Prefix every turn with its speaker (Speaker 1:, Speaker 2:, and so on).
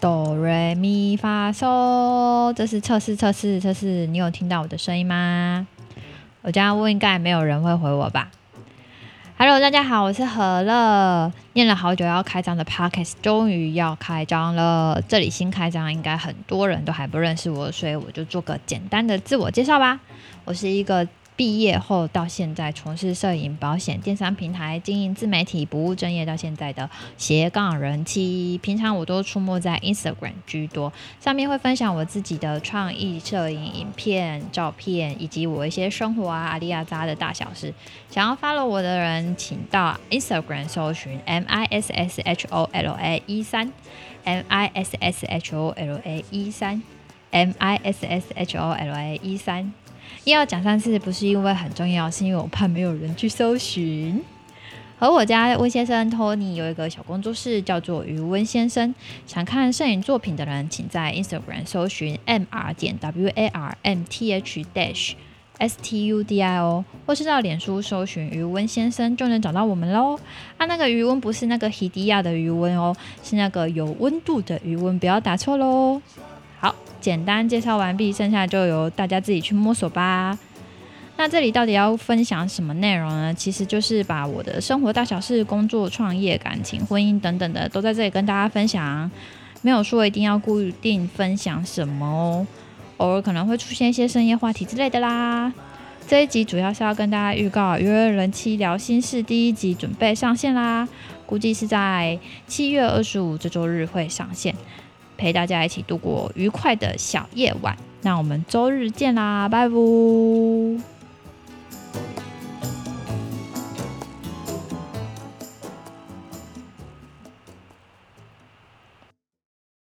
Speaker 1: 哆瑞咪發嗦，so, 這是測試測試測試，你有聽到我的聲音嗎？我這樣問應該也沒有人會回我吧？Hello，大家好，我是何樂，念了好久要開張的 Podcast 終於要開張了，這裡新開張應該很多人都還不認識我，所以我就做個簡單的自我介紹吧，我是一個。畢業後到現在，從事攝影、保險、電商平台經營、自媒體，不務正業到現在的斜槓人妻。平常我都出沒在 Instagram 居多，上面會分享我自己的創意攝影、影片、照片，以及我一些生活啊、阿里亞扎的大小事。想要 follow 我的人，請到 Instagram 搜尋 misshola 一三，misshola 一三，misshola 一三。要講三次，不是因為很重要，是因為我怕沒有人去搜尋。和我家溫先生托尼有一個小工作室，叫做余溫先生。想看攝影作品的人，請在 Instagram 搜尋 m r 點 w a r m t h dash s t u d i o，或是到臉書搜尋余溫先生，就能找到我們嘍。啊，那個余溫不是那個希迪亞的余溫哦，是那個有溫度的余溫，不要打錯嘍。好，簡單介紹完畢，剩下就由大家自己去摸索吧。那這裡到底要分享什麼內容呢？其實就是把我的生活大小事、工作、創業、感情、婚姻等等的都在這裡跟大家分享。沒有說一定要固定分享什麼哦，偶爾可能會出現一些深夜話題之類的啦。這一集主要是要跟大家預告《餘樂人妻聊心室》第一集準備上線啦，估計是在七月二十五這周日會上線。陪大家一起度過愉快的小夜晚，那我們週日見啦，拜拜。